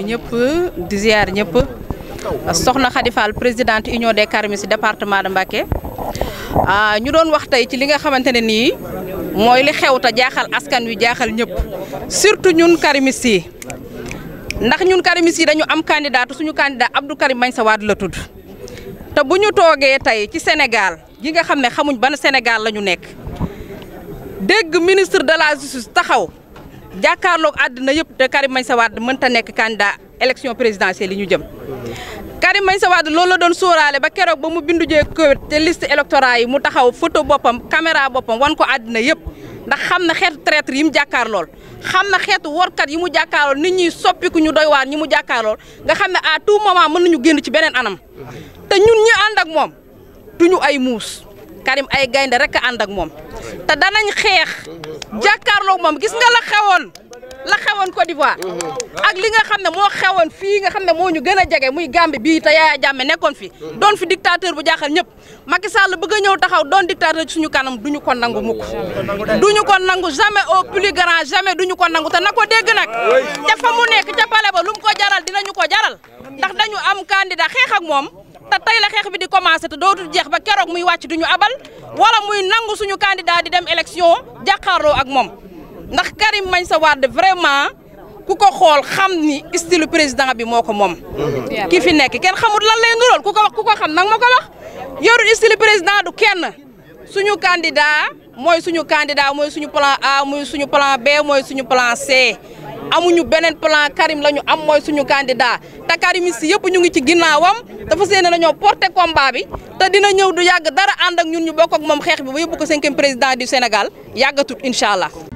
ñëpp di ziar ñëpp soxna khadifal présidente union des karimistes département de Mbacké ah, ñu doon wax tay ci li nga xamantene ni moy li xew ta jaaxal askan wi jaaxal ñëpp surtout ñun karimistes yi ndax ñun karimistes yi dañu am candidat suñu candidat Abdou Karim Meïssa sawad la tudd ta buñu ñu tay ci Sénégal gi nga xamné xamuñ ban Sénégal lañu nekk dégg ministre de la justice taxaw jàkkaarloog àdduna yëpp te Karim Meïssa Wade mënta nekk candidat élection présidentielle yi ñu jëm. Karim Meïssa Wade loolu la doon sóoraale ba keroog ba mu bindu jee Koweït te list électorat yi mu taxaw photo boppam caméra boppam wan ko àdduna yëpp ndax xam na xeetu traître yi mu jàkkaar xam na xeetu workat yi mu jàkkaarlool nit ñuy soppiku ñu doy waar ñi mu jàkkaarlool nga xam ne à tout moment mën nañu génn ci beneen anam te ñun ñi ànd ak moom duñu ay muus Karim ay gaynde rek ànd ak moom te danañ xeex jàkkaarloog moom gis nga la xewoon la xewoon ak li nga xam ne moo xewoon fii nga xam ne moo ñu gën a jege muy Gambie bii te Yaya Jammeh nekkoon fi doon fi dictateur bu jaaxal ñëpp Macky Sall bëgg a ñëw taxaw doon dictateur ci suñu kanam duñu ko nangu mukk duñu ko nangu jamais au plus grand jamais duñu ko nangu te na ko dégg nag te mu nekk ca ba lu mu ko jaral dinañu ko jaral ndax dañu am candidat xeex ak moom ta tay la xex bi di commencé te dootul jeex ba kérok muy wacc duñu abal wala muy nangu suñu candidat di dem élection jaxarlo ak mom ndax Karim sa wad vraiment kuko xol xamni ni style président bi moko mom mm-hmm. ki fi nek ken xamul lan lay ndurol kuko wax xam nak ma wax yoru style président du ken, suñu candidat moy suñu candidat moy suñu plan A moy suñu plan B moy suñu plan C. amuñu beneen plan Karim la ñu am mooy suñu candidat te karimiste yëpp ñu ngi ci ginnaawam te fas yéene nañoo porter combat bi te dina ñëw du yàgg dara ànd ak ñun ñu bokk ak moom xeex bi ba yóbbu ko cinquième président du Sénégal yàggatut incha allah.